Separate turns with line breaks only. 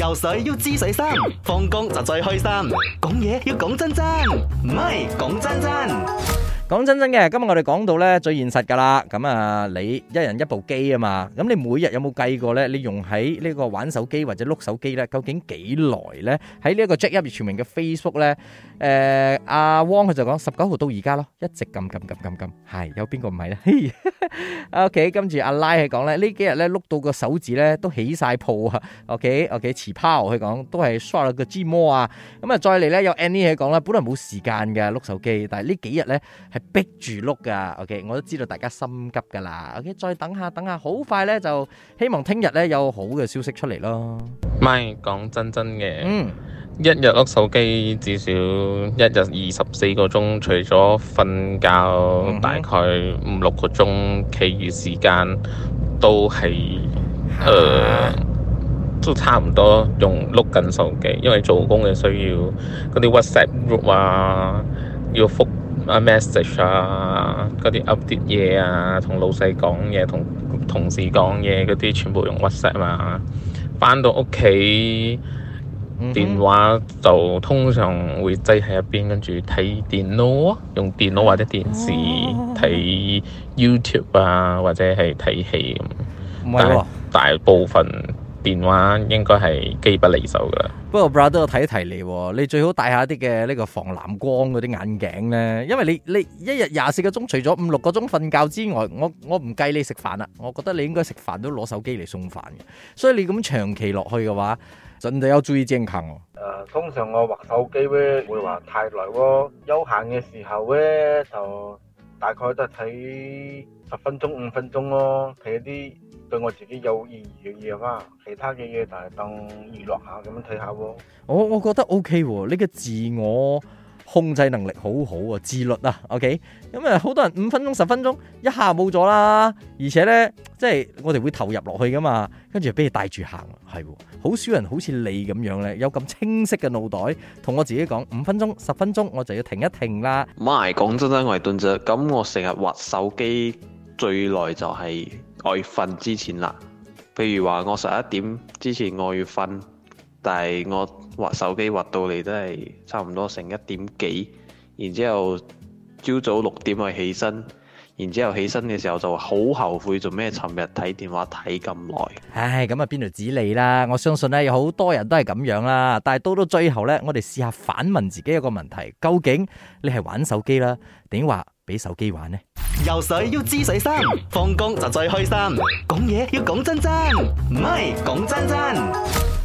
游水要知水深，放工就最開心。講嘢要講真真，唔係講真真。講真真嘅，今日我哋講到咧最現實噶啦。咁啊，你一人一部機啊嘛。咁你每日有冇計過咧？你用喺呢個玩手機或者碌手機咧，究竟幾耐咧？喺呢一個 jack up 全民嘅 Facebook 咧，誒，阿汪佢就講十九號到而家咯，一直撳撳撳撳撳，係有邊個唔係咧？OK，跟住阿拉喺講咧，呢幾日咧碌到個手指咧都起晒泡啊！OK，OK，遲泡佢講都係刷落個 GMO 啊！咁啊，再嚟咧有 Annie 喺講啦，本來冇時間噶碌手機，但係呢幾日咧係逼住碌噶。OK，我都知道大家心急噶啦。OK，再等下，等下，好快咧就希望聽日咧有好嘅消息出嚟咯。
咪講真真嘅。嗯。一日碌手機至少一日二十四個鐘，除咗瞓覺大概五六個鐘，其餘時間都係誒、呃、都差唔多用碌緊手機，因為做工嘅需要嗰啲 WhatsApp group 啊，要復啊 message 啊，嗰啲 update 嘢啊，同老細講嘢，同同事講嘢嗰啲全部用 WhatsApp 啊。翻到屋企。電話就通常會擠喺一邊，跟住睇電腦，用電腦或者電視，睇 YouTube 啊，或者係睇戲，但大部分。電話應該係機不離手噶，
不過 brother 都要提一提你，你最好戴下啲嘅呢個防藍光嗰啲眼鏡咧，因為你你一日廿四個鐘，除咗五六個鐘瞓覺之外，我我唔計你食飯啦，我覺得你應該食飯都攞手機嚟送飯嘅，所以你咁長期落去嘅話，真係要注意健康哦、啊。誒，通常我畫手機咧，唔會畫太耐喎，休閒嘅時候咧，就大概都係睇十分鐘、五分鐘咯，睇一啲。對我自己有意義嘅嘢翻，
其他嘅嘢就係
當娛樂下咁樣睇下喎。我我覺得 O K 喎，呢個自我控制能力好好啊，自律啊，O K。咁、OK？啊、嗯，好多人五分鐘、十分鐘一下冇咗啦。而且咧，即係我哋會投入落去噶嘛，跟住俾你帶住行，係好、啊、少人好似你咁樣咧，有咁清晰嘅腦袋，同我自己講五分鐘、十分鐘我就要停
一停啦。唔係，講真真，我係頓著咁，我成日畫手機最耐就係、是。我要瞓之前啦，譬如話我十一點之前我要瞓，但係我劃手機劃到嚟都係差唔多成一點幾，然之後朝早六點去起身，然之後起身嘅時候就好後悔做咩尋日睇電話睇咁耐。
唉，咁啊邊度指你啦？我相信咧，有好多人都係咁樣啦，但係到到最後呢，我哋試下反問自己一個問題：究竟你係玩手機啦，定話俾手機玩呢？游水要知水深，放
工就最開心。講嘢要講真真，唔係講真真。